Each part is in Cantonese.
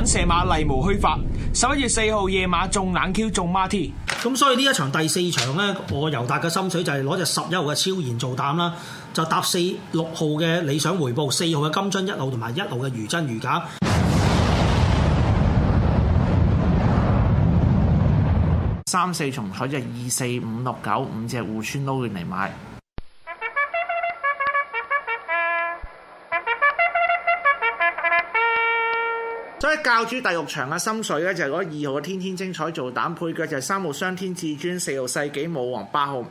揾射馬，例無虛發。十一月四號夜晚仲冷 Q 仲 m a r T，咁所以呢一場第四場呢，我尤達嘅心水就係攞隻十一隻號嘅超然做膽啦，就搭四六號嘅理想回報，四號嘅金樽一路同埋一路嘅如真如假，三四重彩就二四五六九五隻戶村撈完嚟買。教主第六場嘅心水咧，就係嗰二號嘅天天精彩做膽配腳就係三號雙天至尊、四號世紀武王、八號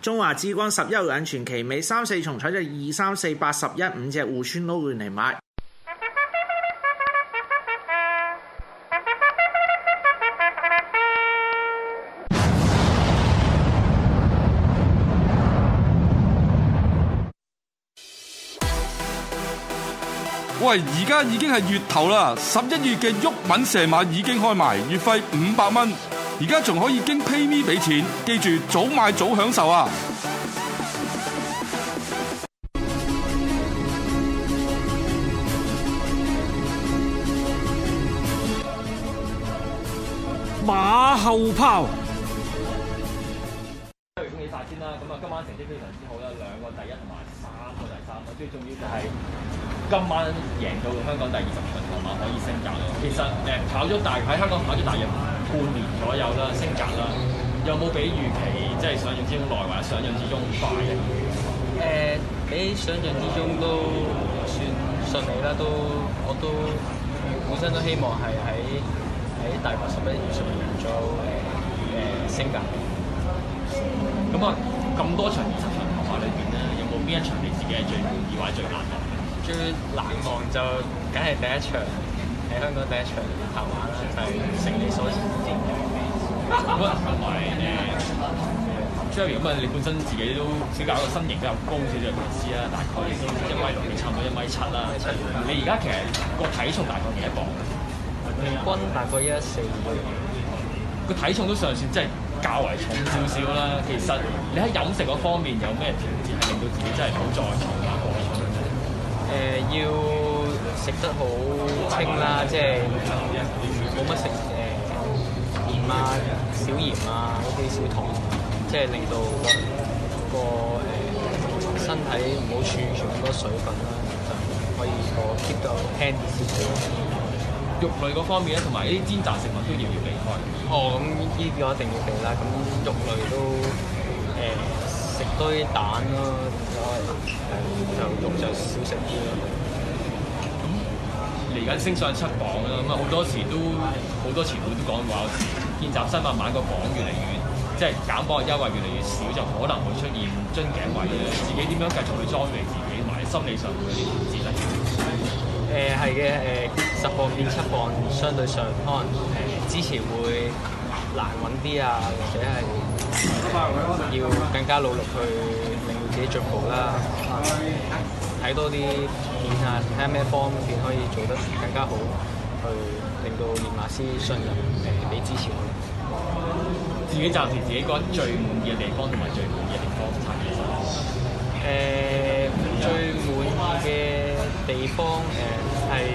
中華之光、十一號隱藏奇美，三四重彩就二三四八十一五隻互穿撈亂嚟買。喂，而家已經係月頭啦，十一月嘅毓民射馬已經開埋，月費五百蚊，而家仲可以經 pay me 俾錢，記住早買早享受啊！馬後炮。恭喜晒先啦，咁啊，今晚成績非常之好啦，兩個第一同埋三個第三，最重要就係。今晚贏到香港第二十場頭馬可以升格啦！其實誒跑咗大牌，喺香港跑咗大約半年左右啦，升格啦，有冇比預期即係想象之中耐，或者想象之中快啫？誒，比想象之中都算順利啦，都我都本身都希望係喺喺大概十一、二十場咗誒誒升格。咁啊，咁多場二十場頭馬裏邊咧，有冇邊一場你自己係最意外或者最難嘅？最難忘就梗係第一場喺香港第一場投籃啦，係成利所見。咁啊， 唔係 Jerry 咁啊，你本身自己都小搞個身形比較高，少少嘅意思啦，大概都一米六，你差唔多一米七啦。你而家其實個體重大概幾多磅？平均大概一四。個體重都上算，真係較為重少少啦。其實你喺飲食嗰方面有咩調節，令到自己真係好在？要食得好清啦，即係冇乜食誒、呃、鹽啊、少鹽啊、少啲少糖，Okay. 即係令到、個個誒、呃、身體唔好儲存咁多水分啦，就可以個 keep 到輕啲，少少肉類嗰方面咧，同埋啲煎炸食物都要要避開。哦，咁呢啲一定要避啦。咁肉類都誒、呃、食多啲蛋咯。啊就通常少食啲啦，咁嚟緊升上七磅啦，咁啊好多時都好多前輩都講話，見習生慢慢個磅越嚟越，即係減磅嘅優惠越嚟越少，就可能會出現樽頸位啦。自己點樣繼續去裝備自己，同埋心理上嗰啲資質。誒係嘅，誒十磅變七磅，相對上可能誒之前會難揾啲啊，或者係要更加努力去。自己進步啦，睇多啲片啊，睇下咩方面可以做得更加好，去令到練馬師信任誒，俾支持我。自己暫時自己覺得最滿意嘅地方同埋最滿意嘅地方，察驗室誒最滿意嘅地方誒係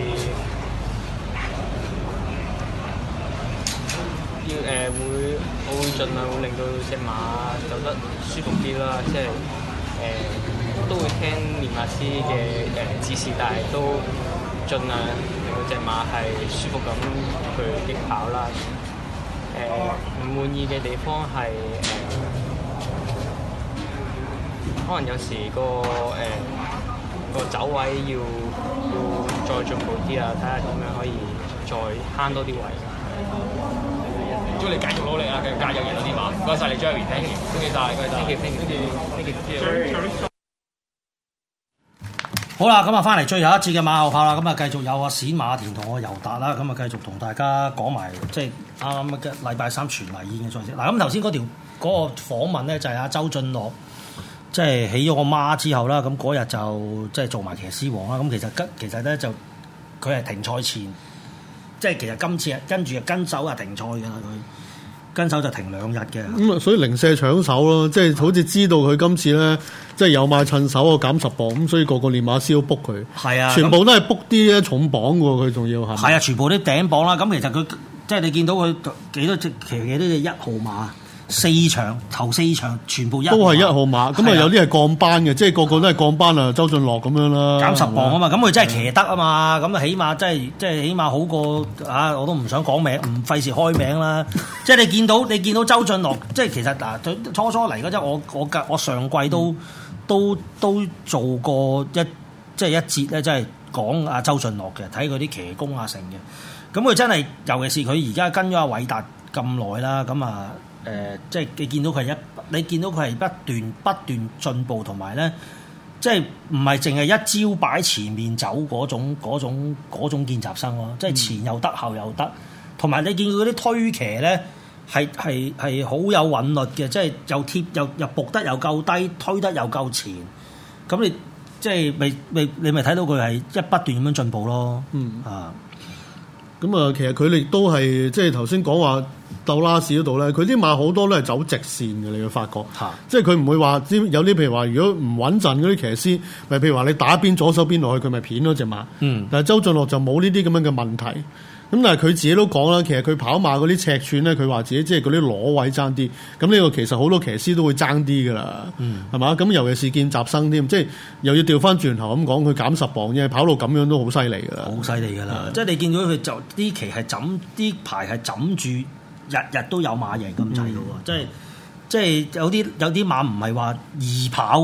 要誒會，我會盡量會令到隻馬走得舒服啲啦，即係。誒、呃、都會聽練馬師嘅誒指示，但係都盡量令到隻馬係舒服咁去競跑啦。誒、呃、唔滿意嘅地方係誒、呃，可能有時個誒個、呃、走位要要再進步啲啊，睇下點樣可以再慳多啲位。呃祝你繼續努力啊！繼續加油贏到嗰啲馬，唔該晒你，Jerry，thank you，多謝曬，多謝曬，多謝，多謝，好啦，咁啊，翻嚟最後一節嘅馬後炮啦，咁啊，繼續有阿冼馬田同我尤達啦，咁啊，繼續同大家講埋，即係啱啱嘅禮拜三傳聞嘅消息。嗱，咁頭先嗰條嗰、嗰個訪問咧，就係阿周俊樂，即係起咗個孖之後啦，咁嗰日就即係做埋騎師王啦。咁其實吉，其實咧就佢係停賽前。即係其實今次啊，跟住啊跟手啊停賽㗎啦，佢跟手就停兩日嘅。咁啊、嗯，所以零舍搶手咯，即係好似知道佢今次咧，即係有買趁手啊減十磅，咁所以個個練馬師都 book 佢。係啊，啊，全部都係 book 啲重磅喎，佢仲要係。係啊，全部都頂磅啦。咁其實佢即係你見到佢幾多隻騎幾多隻一號馬。四場頭四場，全部一都係一號馬，咁啊的有啲係降班嘅，的即係個個都係降班啊！的周俊樂咁樣啦，減十磅啊嘛，咁佢的真係騎得啊嘛，咁啊是的 起碼真係，即係起碼好過啊！我都唔想講名，唔費事開名啦。 即係你見到你見到周俊樂，即係其實嗱，啊、初初嚟嗰陣，我我我上季都、嗯、都都，都做過一即係一節咧，即係講阿周俊樂嘅，睇佢啲騎功啊成嘅。咁佢真係，尤其是佢而家跟咗阿偉達咁耐啦，咁啊～誒、呃，即係你見到佢係一，你見到佢係不斷不斷進步，同埋咧，即係唔係淨係一朝擺前面走嗰種嗰種嗰種見習生咯，即係前又得後又得，同埋你見佢啲推騎咧，係係係好有韻律嘅，即係又貼又又駁得又夠低，推得又夠前，咁你即係咪咪你咪睇到佢係一不斷咁樣進步咯。嗯啊。咁啊，其實佢哋都係即係頭先講話鬥拉士嗰度咧，佢啲馬好多都係走直線嘅，你會發覺，的即係佢唔會話有啲譬如話，如果唔穩陣嗰啲騎師，咪譬如話你打邊左手邊落去，佢咪片咗隻馬。嗯、但係周俊樂就冇呢啲咁樣嘅問題。咁但係佢自己都講啦，其實佢跑馬嗰啲尺寸咧，佢話自己即係嗰啲攞位爭啲。咁呢個其實好多騎師都會爭啲噶啦，係嘛、嗯？咁尤其是見集生見習生添，即係又要調翻轉頭咁講，佢減十磅，即係跑到咁樣都好犀利噶啦，好犀利噶啦！的即係你見到佢就呢期係枕呢排係枕住，日日都有馬贏咁滯㗎喎，即係的。就是即係有啲有啲馬唔係話易跑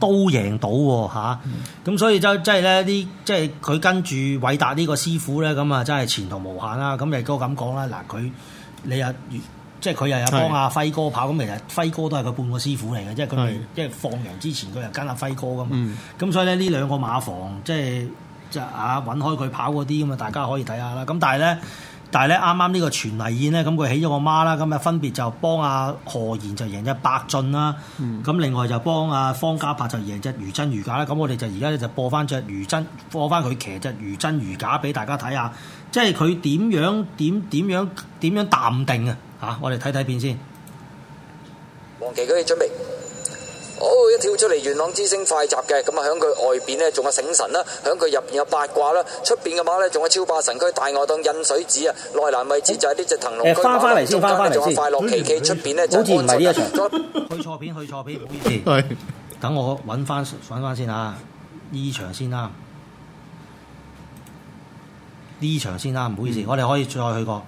都贏到喎，咁、啊嗯嗯、所以就、就係、即係咧啲即係佢跟住偉達呢個師傅咧，咁啊真係前途無限啦！咁你都咁講啦。嗱佢，你又即係佢又有幫阿輝哥跑，咁是其實輝哥都係佢半個師傅嚟嘅是，即係佢咪即係放羊之前佢又跟阿輝哥噶，咁、嗯、所以咧呢兩個馬房即係即係啊揾開佢跑嗰啲咁啊，大家可以睇下啦。咁但係咧。但係咧，啱啱呢個傳禮宴咧，咁佢起咗個孖啦，咁啊分別就幫阿、啊、何然就贏一隻白進啦，咁、嗯、另外就幫阿、啊、方家柏就贏一隻如真如假啦，咁我哋就而家咧就播返隻如真，播返佢騎隻如真如假俾大家睇下，即係佢點樣點點樣點樣淡定啊嚇！我哋睇睇片先。黃奇哥你出哦！一跳出嚟，元朗之星快集嘅，咁啊，喺佢外邊呢仲有醒神啦，喺佢入邊有八卦啦，出邊嘅話呢，仲有超霸神駒大外檔印水紙啊，內欄位置就喺呢隻騰龍。誒，翻翻嚟先，翻翻嚟先。快樂奇奇，出邊呢就安神啦。去錯片，去錯片，唔好意思。等我搵翻搵翻先啊！呢場先啦，呢場先啦，唔好意思，我哋可以再去過，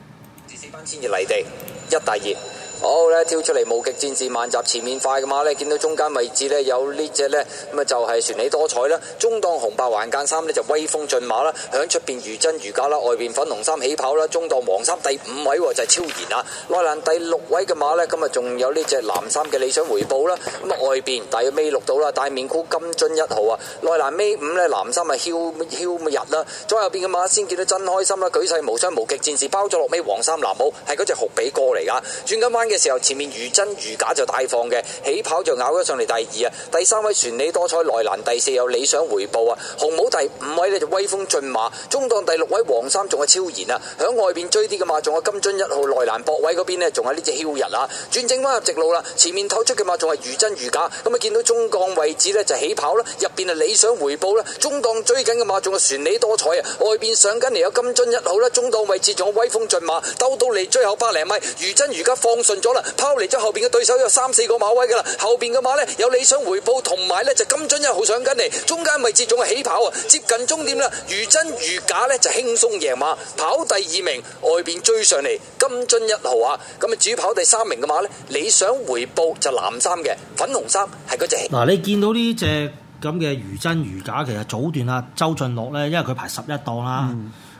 一大頁。好咧，跳，oh，出嚟，無極戰士萬集前面快嘅馬咧，見到中間位置咧有隻，呢隻咧，咁啊就係、是、絢麗多彩啦。中檔紅白橫間衫咧，就是、威風駿馬啦，響出邊如真如假啦，外邊粉紅衫起跑啦，中檔黃衫第五位、哦、就係、是、超然啊。內欄第六位嘅馬咧，今日仲有呢隻藍衫嘅理想回報啦。咁啊外邊大約尾六到啦，大面箍金樽一號內啊，內欄尾五咧藍衫啊囂囂日啦。左右邊嘅馬先見到真開心啦，舉世無雙無極戰士包咗落尾黃衫藍帽係嗰隻酷比哥嚟噶轉緊彎嘅時候，前面如真如假就大放嘅，起跑就咬咗上嚟第二啊，第三位船里多彩內欄第四有理想回報啊，紅帽第五位呢就威風駿馬，中檔第六位黃三仲係超然啊，響外邊追啲嘅馬仲係金樽一號，內欄博位嗰邊呢，仲係呢隻囂日啊，轉正入直路啦，前面透出嘅馬仲係如真如假，咁啊見到中檔位置呢就是、起跑啦，入邊係理想回報啦，中檔追緊嘅馬仲係船里多彩啊，外邊上緊嚟有金樽一號啦，中檔位置仲係威風駿馬，兜到嚟最後百零米如真如假放水。咗啦，拋離咗後邊嘅對手有三四個馬位噶啦，後邊嘅馬咧有理想回報同埋咧就金樽一號上跟嚟，中間咪接種嘅起跑啊，接近終點啦，如真如假咧就輕鬆贏馬，跑第二名外邊追上嚟金樽一號啊，咁啊主要跑第三名嘅馬咧理想回報就藍衫嘅粉紅衫係嗰隻。嗱，你見到呢隻咁嘅如真如假，其實早段啊周俊樂咧，因為佢排十一檔啦。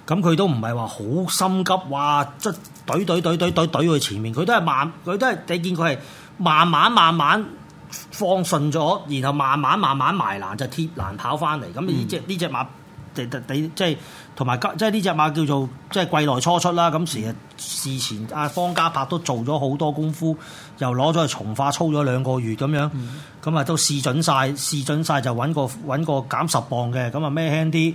咁佢都唔係話好心急，哇！即係懟懟懟懟懟懟佢前面，佢都係慢，佢都係你見佢係慢慢慢慢放順咗，然後慢慢慢慢埋欄就貼欄跑翻嚟。咁呢隻呢隻馬，即係同埋即係呢隻馬叫做即係季內初出啦。咁其實事前阿方家柏都做咗好多功夫，又攞咗去從化操咗兩個月咁樣，咁啊都試準晒，試準晒就揾個揾個減十磅嘅，咁啊孭輕啲。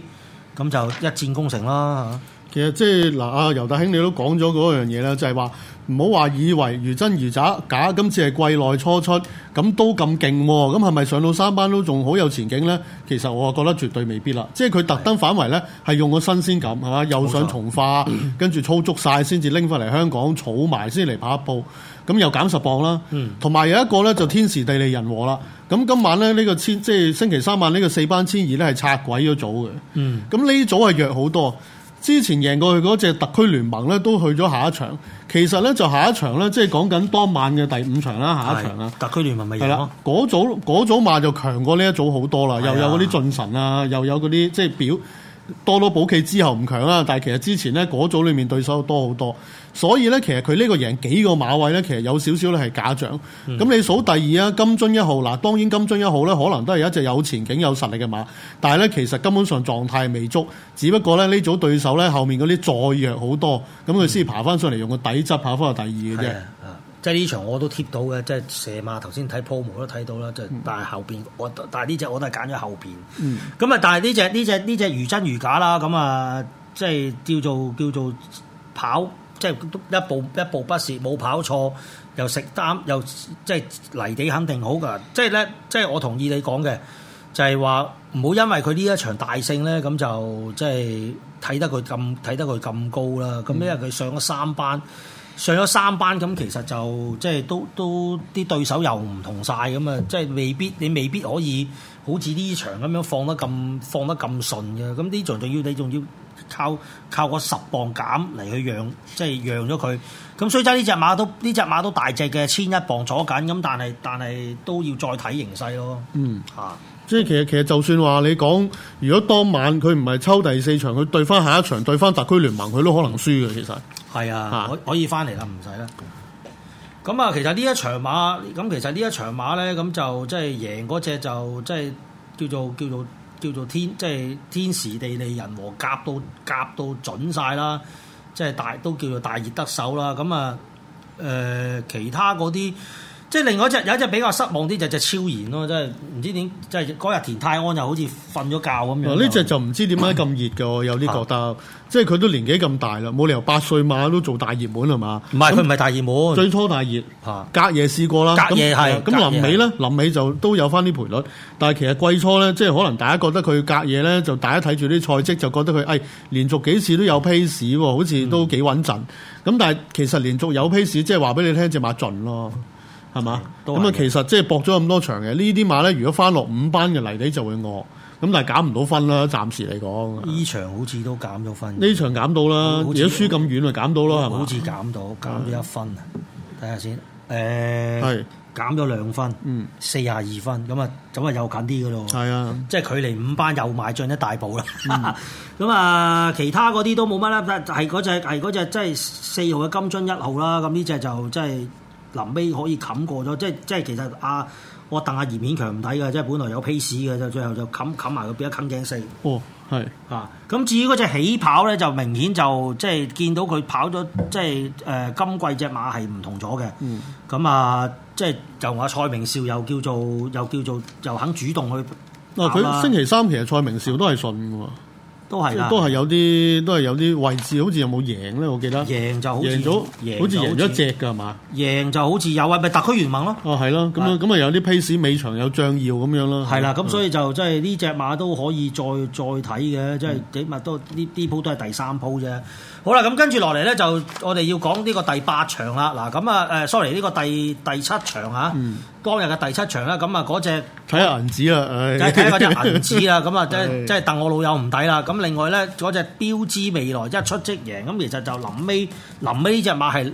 咁就一戰功成啦嚇！其實即係嗱，阿尤大兄你都講咗嗰樣嘢啦，就係話唔好話以為如真如假，假今次係季內初出，咁都咁勁喎，咁係咪上到三班都仲好有前景呢？其實我覺得絕對未必啦。即係佢特登反圍呢，係用個新鮮感嚇，的又上從化，錯跟住操足晒先至拎返嚟香港，儲埋先嚟跑步。咁又減十磅啦，同埋有一個咧就天時地利人和啦。咁今晚咧呢個千即係星期三晚呢個四班千二咧係拆鬼咗組嘅。咁呢、嗯、組係弱好多，之前贏過去嗰隻特區聯盟咧都去咗下一場。其實咧就下一場咧即係講緊當晚嘅第五場啦，下一場啦。特區聯盟咪贏咯？嗰組嗰組馬就強過呢一組好多啦，又有嗰啲進神啊，的又有嗰啲即係表。多到保期之後唔強啦，但係其實之前咧嗰組裏面對手多好多，所以咧其實佢呢個贏幾個馬位咧，其實有少少咧係假象。咁、嗯、你數第二啊，金樽一號嗱，當然金樽一號咧可能都係一隻有前景有實力嘅馬，但係咧其實根本上狀態未足，只不過咧呢組對手咧後面嗰啲再弱好多，咁佢先爬翻上嚟用個底質爬翻落第二嘅啫。嗯即係呢場我都貼到嘅，即係射馬頭先睇鋪模都睇到啦。就、嗯、但係後邊我但係呢隻我都係揀咗後邊。咁啊，但係呢隻呢隻呢隻如真如假啦。咁啊，即係叫做叫做跑，即係一步一步不蝕冇跑錯，又食擔又即係泥地肯定好㗎。即係咧，即係我同意你講嘅，就係話唔好因為佢呢一場大勝咧，咁就即係睇得佢咁睇得佢咁高啦。咁因為佢上咗三班。嗯上咗三班咁，其實就即係都都啲對手又唔同晒咁啊！即係未必你未必可以好似呢場咁樣放得咁放得咁順嘅，咁呢場仲要你仲要靠靠個十磅減嚟去讓即係讓咗佢。咁所以呢隻馬都呢隻馬都大隻嘅千一磅左緊，咁但係但係都要再睇形勢咯。嗯，嚇、啊。即係其實其實就算話你講，如果當晚佢唔係抽第四場，佢對翻下一場對翻特區聯盟，佢都可能輸嘅。其實係啊，可以翻嚟啦，唔使啦。咁啊，其實呢一場馬，咁其實呢一場馬咧，咁就即係贏嗰隻就即係叫做叫做叫做天，即係天時地利人和夾到夾到準晒啦。即係大都叫做大熱得手啦。咁啊，誒其他嗰啲。即係另外一隻，有一隻比較失望啲，就隻超然咯。真係唔知點，即係嗰日田泰安就好似瞓咗覺咁樣。呢隻就唔知點解咁熱㗎喎？有啲覺得，即係佢都年紀咁大啦，冇理由八歲馬都做大熱門係嘛？唔係佢唔係大熱門，最初大熱，隔夜試過啦。隔夜係咁臨尾咧，臨尾就都有翻啲賠率，但係其實季初咧，即係可能大家覺得佢隔夜咧，就大家睇住啲賽績就覺得佢誒連續幾次都有 place 喎，好似都幾穩陣。咁但係其實連續有 place，即係話俾你聽，隻馬盡咯。係嘛？咁啊，其實即係搏咗咁多場嘅呢啲馬咧，如果翻落五班嘅泥地就會惡。咁但係減唔到分啦，暫時嚟講。呢場好似都減咗分。呢場減到啦，而家輸咁遠就減到啦，係好似減到，減咗一分啊！睇下先，誒，減咗兩分，嗯，四十二分，咁啊，咁啊又近啲噶咯。係啊，即係距離五班又邁進一大步啦。咁啊，其他嗰啲都冇乜啦，係嗰隻係嗰隻，即係四號嘅金樽一號啦。咁呢隻就即係。臨尾可以冚過咗，即係即係其實阿、啊、我鄧阿葉勉強唔睇嘅，即係本來有 pace 嘅，就最後就冚冚埋佢，變一冚頸四。哦，係啊，咁至於嗰隻起跑咧，就明顯就即係見到佢跑咗，即係誒、呃、今季隻馬係唔同咗嘅。咁、嗯、啊，即係就阿蔡明少又叫做又叫做，又，叫做又肯主動去。嗱、啊，佢星期三其實蔡明少都係順嘅喎。都係都係有啲，都係有啲位置，好似有冇贏咧？我記得贏就好，贏咗了，好似贏咗一隻㗎係嘛？贏就好似有啊，咪、就是、特區聯盟咯、啊。哦、啊，係咯，咁樣咁咪有啲 paces 尾場有將要咁樣咯。係啦，咁所以就真係呢隻馬都可以再再睇嘅，即係起碼都呢啲鋪都係第三鋪啫。好啦，咁跟住落嚟咧，就我哋要講呢個第八場啦。嗱，咁啊誒，sorry，呢個第第七場啊，嗯、當日嘅第七場啦。咁啊，嗰隻睇下銀紙啊、哎哎，就睇下隻銀紙啊。咁啊，即即戥我老友唔抵啦。咁另外咧，嗰隻錶之未來一出即贏。咁其實就臨尾臨尾呢隻馬係、即係、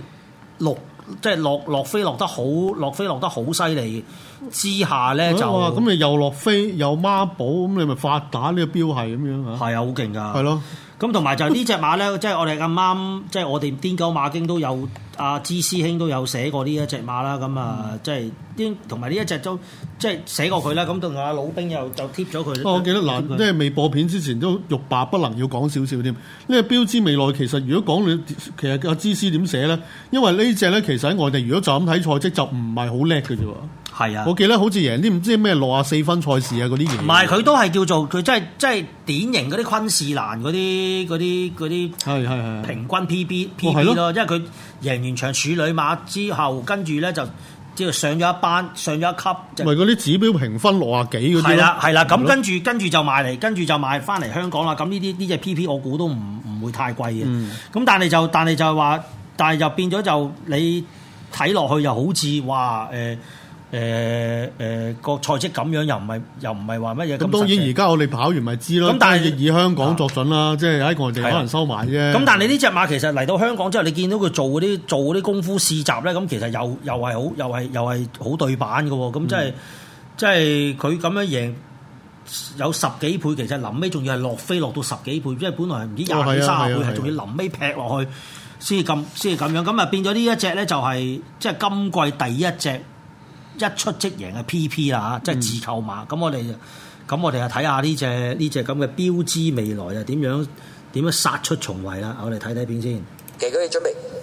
落即落落飛落得好落飛落得好犀利之下咧就咁、啊、你又落飛又孖寶，咁你咪發達呢個錶係咁樣嚇？係啊，好勁噶，係咯。咁同埋就係呢隻馬咧，即係我哋咁啱，即係我哋癲狗馬經都有阿芝師兄都有寫過呢一隻馬啦。咁啊，即係同埋呢一隻都即係寫過佢啦。咁同阿老兵又又貼咗佢。我記得嗱，即係未播片之前都欲罷不能，要講少少添。呢個錶之未來，其實如果講你，其實阿芝師點寫咧？因為呢隻咧，其實喺外地，如果就咁睇賽績，就唔係好叻嘅啫。係啊！我記得好似贏啲唔知咩六啊四分賽事啊嗰啲，唔係佢都係叫做佢真係真係典型嗰啲昆士蘭嗰啲嗰啲啲。係係係。平均 P b P P 咯，因為佢贏完場處女馬之後，跟住咧就即係上咗一班，上咗一級。咪嗰啲指標評分六啊幾嗰啲。係啦係啦，咁跟住跟住就買嚟，跟住就買翻嚟香港啦。咁呢啲呢啲 P P 我估都唔唔會太貴嘅。咁、嗯、但係就但係就係話，但係就變咗就你睇落去又好似哇誒。呃呃誒誒，個賽績咁樣又唔係又唔係話乜嘢咁，當然而家我哋跑完咪知咯。咁但係以香港作準啦，即係喺外地可能收埋啫。咁但係呢隻馬其實嚟到香港之後，你見到佢做嗰啲做啲功夫試習咧，咁其實又又係好又係又係好對版嘅。咁即係即係佢咁樣贏有十幾倍，其實臨尾仲要係落飛落到十幾倍，即係本來係唔知廿幾卅倍，係仲要臨尾劈落去先至咁先至咁樣。咁啊，變咗呢一隻咧就係即係今季第一隻。一出即贏嘅 PP 啦，即係自購碼。咁我哋，咁我哋就睇下呢隻呢隻咁嘅錶之未來啊點樣，點樣殺出重圍啦？我哋睇睇片先。記者準備。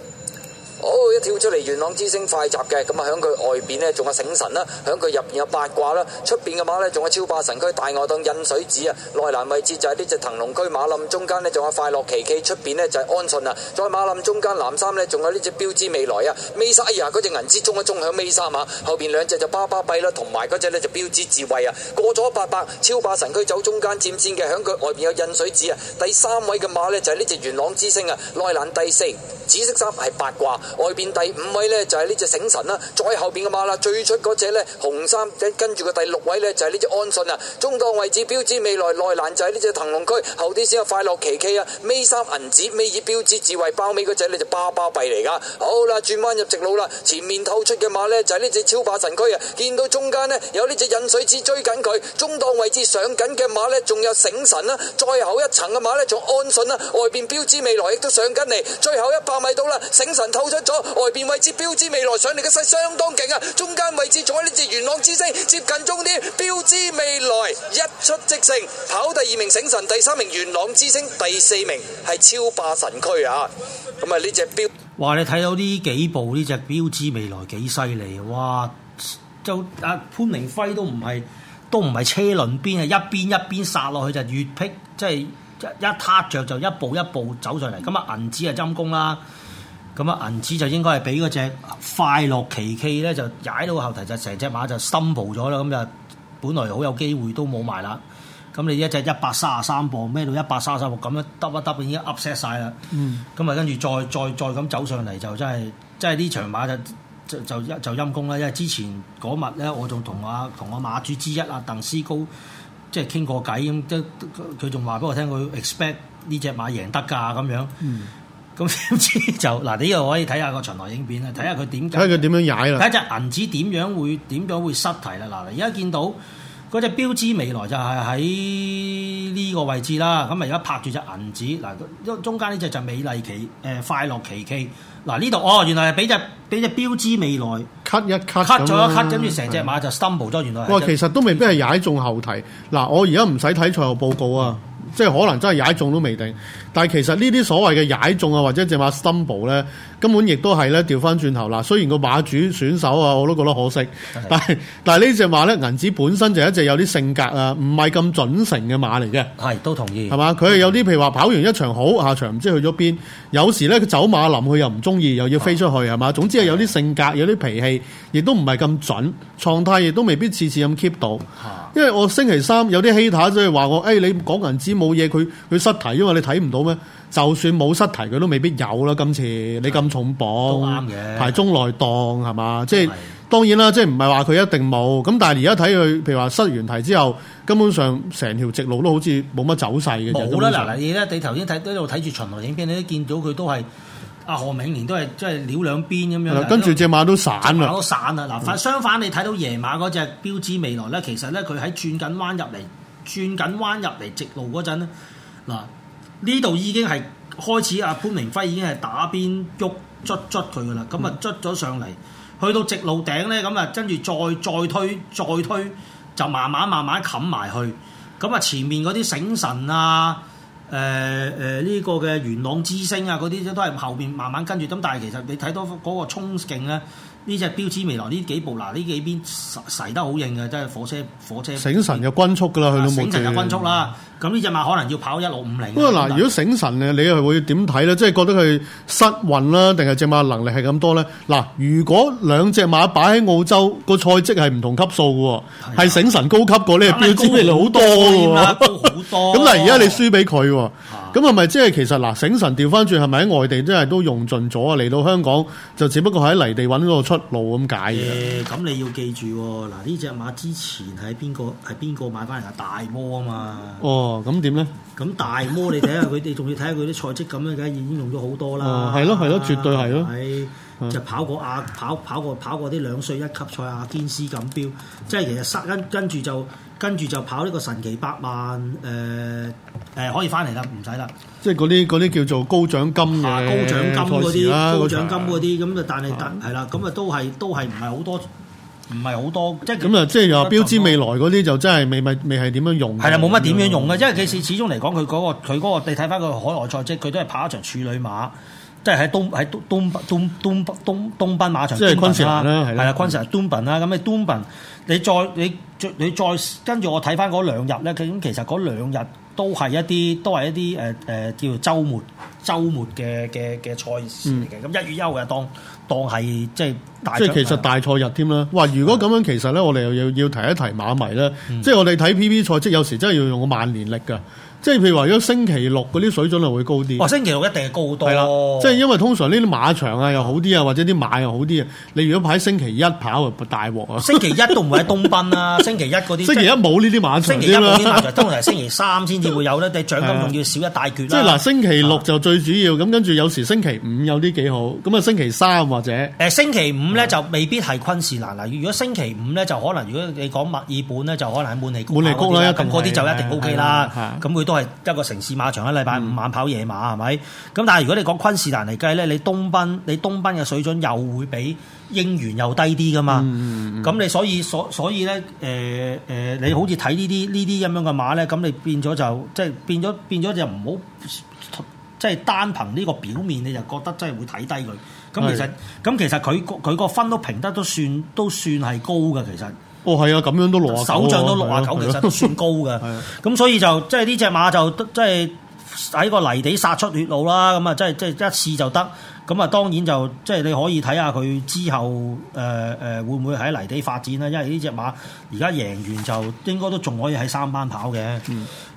哦！Oh, 一跳出嚟，元朗之星快閘嘅，咁啊，響佢外邊呢？仲有醒神啦；響佢入邊有八卦啦，出邊嘅馬呢，仲有超霸神駒大外檔印水紙啊。內欄位置就係呢隻騰龍駒馬林中間呢仲有快樂奇奇；出邊呢就係安順啊。再馬林中間藍衫呢，仲有呢隻錶之未來啊。尾三哎呀，嗰隻銀枝中一中響尾三啊。後邊兩隻就巴巴閉啦，同埋嗰隻呢就錶之智慧啊。過咗八百，超霸神駒走中間佔先嘅，響佢外邊有印水紙啊。第三位嘅馬呢，就係呢隻元朗之星啊，內欄第四，紫色衫係八卦。外邊第五位呢就係呢隻醒神啦、啊，再後邊嘅馬啦最出嗰隻呢紅衫，跟住個第六位呢就係呢隻安信啊，中檔位置錶之未來內欄就係呢隻騰龍駒，後啲先有快樂奇奇啊，尾三銀紙尾二錶之智慧，包尾嗰隻呢就巴巴幣嚟噶，好啦轉彎入直路啦，前面透出嘅馬呢就係呢隻超霸神駒啊，見到中間呢，有呢隻引水紙追緊佢，中檔位置上緊嘅馬呢仲有醒神啦、啊，最後一層嘅馬呢仲有安信啦、啊，外邊錶之未來亦都上緊嚟，最後一百米到啦，醒神透出。外邊位置錶之未來上嚟嘅勢相當勁啊！中間位置仲有呢隻元朗之星接近終點，錶之未來一出即勝跑第二名醒神，第三名元朗之星，第四名係超霸神駒啊！咁啊呢隻錶，哇！你睇到呢幾步呢隻錶之未來幾犀利啊！哇！就阿潘明輝都唔係都唔係車輪邊啊，一邊一邊殺落去就越劈，即係一撻着就一步一步走上嚟。咁啊銀紙啊真陰功啦。咁啊銀紙就應該係俾嗰隻快樂奇奇咧，就踩到後蹄就成隻馬就深步咗啦。咁就本來好有機會都冇埋啦。咁你隻挖一隻一百三十三步，孭到一百三十三步，咁樣得一得已經 upset 晒啦。咁啊、嗯、跟住再再再咁走上嚟，就真係真係呢場馬就就就就，就，就陰功啦。因為之前嗰日咧，我仲同阿同阿馬主之一阿鄧思高即係傾過偈咁，即佢仲話俾我聽，佢 expect 呢隻馬贏得㗎咁樣。嗯。咁先知就嗱，呢度 可以睇下個巡邏影片啦，睇下佢點睇佢點樣踩啦，睇下銀紙點樣會點樣會失蹄啦。嗱，而家見到嗰隻錶之未來就係喺呢個位置啦。咁啊，而家拍住隻銀紙嗱，中間呢隻就美麗期誒快樂期期。嗱，呢度哦，原來係俾隻俾隻錶之未來 cut 一 cut，cut 咗一 cut，跟住成隻馬就 stumble 咗，原來。喂，其實都未必係踩中後蹄。嗱，我而家唔使睇財務報告啊。即係可能真係踩中都未定，但係其實呢啲所謂嘅踩中啊，或者隻馬 stumble 咧，根本亦都係咧調翻轉頭嗱。雖然個馬主選手啊，我都覺得可惜，的但係但係呢隻馬咧銀子本身就係一隻有啲性格啊，唔係咁準成嘅馬嚟嘅。係都同意係嘛？佢係有啲譬如話跑完一場好，下場唔知去咗邊。有時咧佢走馬林，佢又唔中意，又要飛出去係嘛？的的總之係有啲性格，有啲脾氣，亦都唔係咁準，狀態亦都未必次次咁 keep 到。因為我星期三有啲希塔，即係話我，誒、哎、你講銀紙冇嘢，佢佢失，失蹄，因為你睇唔到咩？就算冇失蹄，佢都未必有啦。今次你咁重磅，都排中內檔係嘛？即係是當然啦，即係唔係話佢一定冇。咁但係而家睇佢，譬如話失完蹄之後，根本上成條直路都好似冇乜走勢嘅。冇啦了，嗱嗱，你咧，你頭先睇都有睇住巡邏影片，你都見到佢都係。啊！何明年都係即係撩兩邊咁樣，跟住隻馬都散啦，都散啦！嗱、嗯，相反你睇到夜馬嗰隻錶之未來咧，其實咧佢喺轉緊彎入嚟，轉緊彎入嚟直路嗰陣咧，嗱呢度已經係開始啊，潘明輝已經係打邊喐捽捽佢噶啦，咁啊捽咗上嚟，去到直路頂咧，咁啊跟住再再推再推，就慢慢慢慢冚埋去，咁啊前面嗰啲醒神啊！誒誒呢個嘅元朗之星啊，嗰啲都係後邊慢慢跟住，咁但係其實你睇到嗰個衝勁咧，呢隻錶之未來呢幾部嗱，呢幾邊駛得好勁嘅，即係火車火車。火車醒神就均速噶啦，去到冇。醒神就均速啦，咁呢的隻馬可能要跑一六五零。嗱、啊，樣如果醒神咧，你又會點睇咧？即係覺得佢失運啦，定係隻馬能力係咁多咧？嗱、啊，如果兩隻馬擺喺澳洲，個賽績係唔同級數嘅喎，係的醒神高級過呢個錶之未來好多嘅 咁嗱，而家你輸俾佢喎，咁係咪即係其實嗱，醒神調翻轉，係咪喺外地真係都用盡咗啊？嚟到香港就只不過喺泥地揾個出路咁解嘅。咁你要記住、哦，嗱呢隻馬之前係邊個係邊個買翻嚟啊？大摩啊嘛。哦，咁點咧？咁大摩你睇下佢哋仲要睇下佢啲賽績咁樣，梗已經用咗好多啦。係咯係咯，絕對係咯。就跑過亞、啊、跑跑過跑過啲兩歲一級賽啊，堅士錦標，即、就、係、是、其實殺跟跟住就。跟住就跑呢個神奇百萬誒、誒，可以翻嚟啦，唔使啦。即係嗰啲啲叫做高獎金嘅賽事啲，高獎金嗰啲咁就，但係但係啦，咁啊，都係都係唔係好多，唔係好多。即係咁啊，即係又話錶之未來嗰啲就真係未咪未係點樣用？係啦，冇乜點樣用嘅，因為其實始終嚟講，佢嗰個佢嗰個你睇翻佢海外賽績，佢都係跑一場處女馬，即係喺東喺東東東東東東奔馬場。即係昆士蘭啦，係啦，昆士蘭敦賓啦，咁嘅敦賓。你再你再你再跟住我睇翻嗰兩日咧，咁其實嗰兩日都係一啲都係一啲誒誒叫做週末週末嘅嘅嘅賽事嚟嘅，咁、嗯、一月一號啊當當係即係即係其實大賽日添啦。哇、啊！如果咁樣，其實咧我哋又要要提一提馬迷啦。嗯、即係我哋睇 P P 賽績有時真係要用個萬年曆噶。即係譬如話，如果星期六嗰啲水準係會高啲。哇！星期六一定係高多。係，即係因為通常呢啲馬場啊又好啲啊，或者啲馬又好啲啊。你如果排星期一跑，大鑊啊！星期一都唔會喺東奔啦，星期一嗰啲。星期一冇呢啲馬場，星期一冇啲馬場，通常星期三先至會有咧，即獎金仲要少一大鉸啦。即係嗱，星期六就最主要，咁跟住有時星期五有啲幾好，咁啊星期三或者誒星期五咧就未必係昆士蘭啦。如果星期五咧就可能，如果你講墨爾本咧就可能喺滿利谷。滿利谷啦，咁嗰啲就一定 OK 啦。咁佢都。係一個城市馬場，一禮拜五晚跑夜馬係咪？咁、嗯、但係如果你講昆士蘭嚟計咧，你東奔你東奔嘅水準又會比英元又低啲噶嘛？咁、嗯嗯、你所以所所以咧，誒誒、呃呃，你好似睇呢啲呢啲咁樣嘅馬咧，咁你變咗就即係、就是、變咗變咗就唔好即係單憑呢個表面你就覺得真係會睇低佢。咁其實咁是的 其實佢佢個分都平得都算都算係高噶，其實。哦，係啊，咁樣都六啊九，首仗都六啊九，其實都算高嘅。咁是、啊、所以就即係呢隻馬就即係喺個泥地殺出血路啦。咁啊，即係即係一次就得。咁啊，當然就即係、就是、你可以睇下佢之後誒誒、呃、會唔會喺泥地發展啦，因為呢隻馬而家贏完就應該都仲可以喺三班跑嘅。咁啊、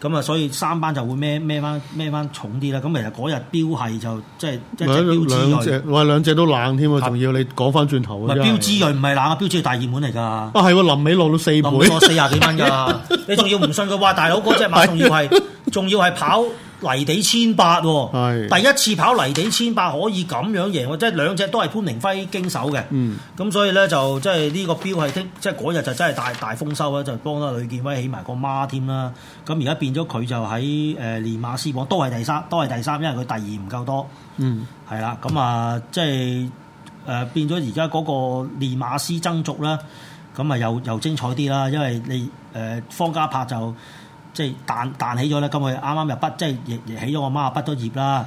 嗯，所以三班就會孭孭翻孭翻重啲啦。咁其實嗰日標係就即係、就是、兩兩隻，我係兩隻都冷添啊，仲要你講翻轉頭啊！標是的之睿唔係冷啊，標之睿大熱門嚟㗎。啊係喎，臨尾落到四倍，落咗四廿幾蚊㗎， 你仲要唔信佢話大佬嗰隻馬仲要係仲 要係跑。泥地千八，哦，係是的 第一次跑泥地千八可以咁樣贏，即係兩隻都係潘明輝經手嘅，咁、嗯、所以咧就即係呢個標係即係嗰日就真係大大豐收啦，就幫得呂健威起埋個孖添啦。咁而家變咗佢就喺誒練馬師榜都係第三，都係第三，因為佢第二唔夠多，嗯係啦。咁啊即係誒變咗而家嗰個練馬師爭逐啦。咁啊又又精彩啲啦，因為你誒、呃、方嘉柏就。即係彈彈起咗咧，今日啱啱又畢，即係亦起咗。我媽啊，畢咗業啦。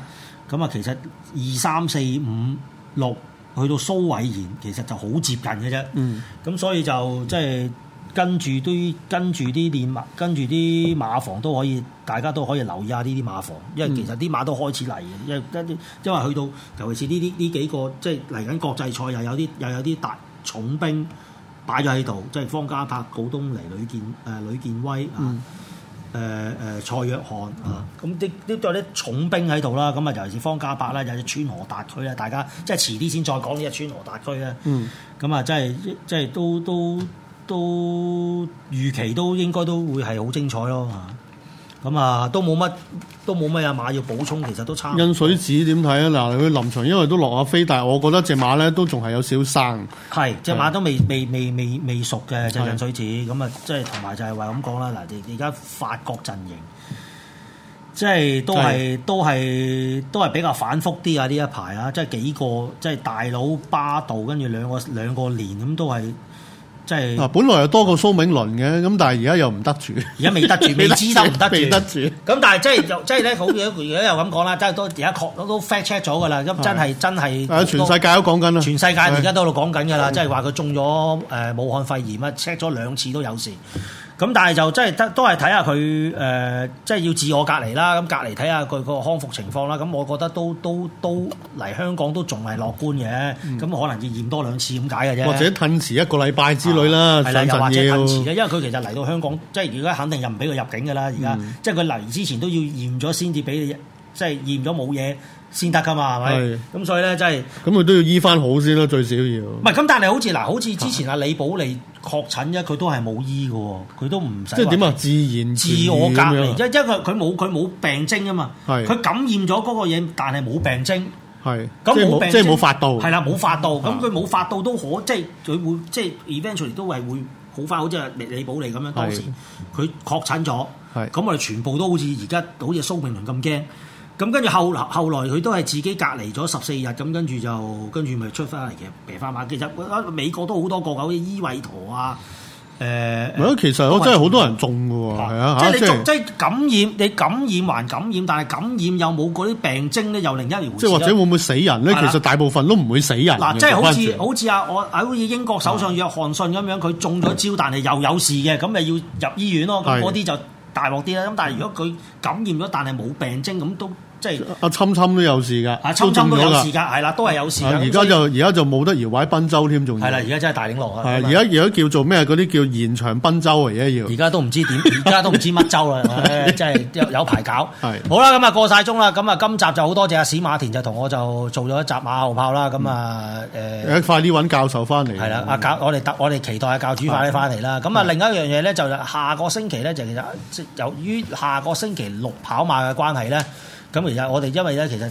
咁啊，其實二三四五六去到蘇偉賢，其實就好接近嘅啫。嗯。咁所以就即係、嗯、跟住都跟住啲馬，跟住啲馬房都可以，大家都可以留意下呢啲馬房，因為其實啲馬都開始嚟嘅。因為、嗯、因為去到尤其是呢啲呢幾個，即係嚟緊國際賽又有啲又有啲大重兵擺咗喺度，即係方嘉柏、告東尼、呂健誒、呂健威啊。呃呃呃呃呃呃誒誒、呃，蔡約翰啊，咁啲啲都有啲重兵喺度啦。咁啊，尤其是方嘉柏啦，又係川河達區啦，大家即係遲啲先再講呢個川河達區咧。嗯，咁啊、就是，即係即係都都都預期都應該都會係好精彩咯嚇。咁啊、嗯，都冇乜，都冇乜嘢馬要補充，其實都差唔多。印水紙點睇啊？嗱，佢臨場因為都落咗飛，但係我覺得隻馬咧都仲係有少生。係，隻馬都的未未未未未熟嘅就係、印水紙。咁啊的，即係同埋就係話咁講啦。嗱，而家法國陣營，即、就、係、是、都係的都係都係比較反覆啲啊！呢一排啊，即、就、係、是、幾個即係、就是、大佬巴道，跟住兩個兩個連咁都係。即係嗱、啊，本來又多過蘇銘倫嘅，咁但係而家又唔得住。而家未得住，未知得唔得住。得住。咁但係即係， 即係咧，好樣，而家又咁講啦，即係多而家確都 fact check 咗㗎啦，真係是真係是。全世界都講緊啦。全世界而家都度講緊㗎啦，是即係話佢中咗誒、呃、武漢肺炎啊，check 咗兩次都有事。 咁但係就真、是、係都都係睇下佢誒，即、呃、係、就是、要自我隔離啦，咁隔離睇下佢個康復情況啦。咁我覺得都都都嚟香港都仲係樂觀嘅，咁、嗯、可能要驗多兩次咁解嘅啫。或者褪遲一個禮拜之類啦，兩陣嘢。神神或者褪遲咧，因為佢其實嚟到香港，即係而家肯定又唔俾佢入境㗎喇。而家即係佢嚟之前都要驗咗先至俾你。即係驗咗冇嘢先得噶嘛，係咪？咁所以咧，即係咁佢都要醫翻好先啦，最少要。唔係咁，但係好似嗱，好似之前阿李寶利確診啫，佢都係冇醫嘅喎，佢都唔使。即係點啊？自然自我隔離，因因為佢冇佢冇病徵啊嘛。佢感染咗嗰個嘢，但係冇病徵。係。咁冇病，即係冇發到。係啦，冇發到。咁佢冇發到都可，即係佢會即係 eventually 都係會好快好似阿李李寶利咁樣。當時佢確診咗，咁我哋全部都好似而家好似蘇銘倫咁驚。咁跟住後後來佢都係自己隔離咗十四日，咁跟住就跟住咪出翻嚟嘅，病翻馬。其實美國都好多個㗎，好似，依維陀啊，誒，啊，其實我真係好多人中嘅喎，啊，即係即係感染，你感染還感染，但係感染有冇嗰啲病徵咧？又另一回事。即係或者會唔會死人咧？其實大部分都唔會死人。嗱，即係好似好似啊，我好似英國首相約翰遜咁樣，佢中咗招，但係又有事嘅，咁咪要入醫院咯。咁嗰啲就大鑊啲啦。咁但係如果佢感染咗，但係冇病徵，咁都。即係阿侵侵都有事㗎，都有事㗎，係啦，都係有事。而家就而家就冇得搖擺賓州添，仲要係啦，而家真係大檸樂啊！而家而家叫做咩？嗰啲叫現場賓州啊！而家要而家都唔知點，而家都唔知乜洲啦！真係有排搞。係好啦，咁啊過曬鐘啦，咁啊今集就好多謝冼馬田就同我就做咗一集馬後炮啦。咁啊誒，快啲揾教授翻嚟。係啦，阿教我哋我哋期待阿教主快啲翻嚟啦。咁啊另一樣嘢咧，就下個星期咧，就其實即係由於下個星期六跑馬嘅關係咧。咁其實我哋因為咧，其實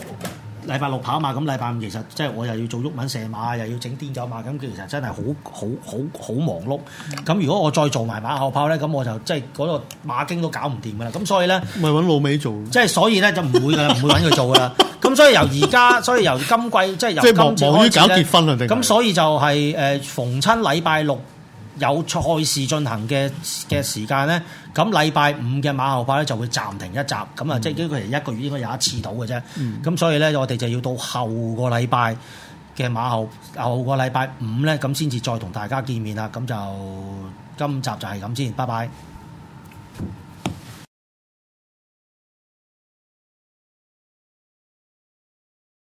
禮拜六跑嘛，咁禮拜五其實即係我又要做毓民射馬，又要整癲酒馬，咁其實真係好好好好忙碌。咁如果我再做埋馬後炮咧，咁我就即係嗰個馬經都搞唔掂噶啦。咁所以咧，咪揾老味做？即係所以咧就唔會噶啦，唔 會揾佢做噶啦。咁所以由而家，所以由今季 即係由即係忙於搞結婚啊定？咁所以就係、是、誒、呃、逢親禮拜六，有賽事進行嘅嘅時間呢，咁禮拜五嘅馬後炮呢就會暫停一集，咁啊、嗯，即係應該係一個月應該有一次到嘅啫。咁、嗯、所以呢，我哋就要到後個禮拜嘅馬後後個禮拜五呢，咁先至再同大家見面啦。咁就今集就係咁先，拜拜。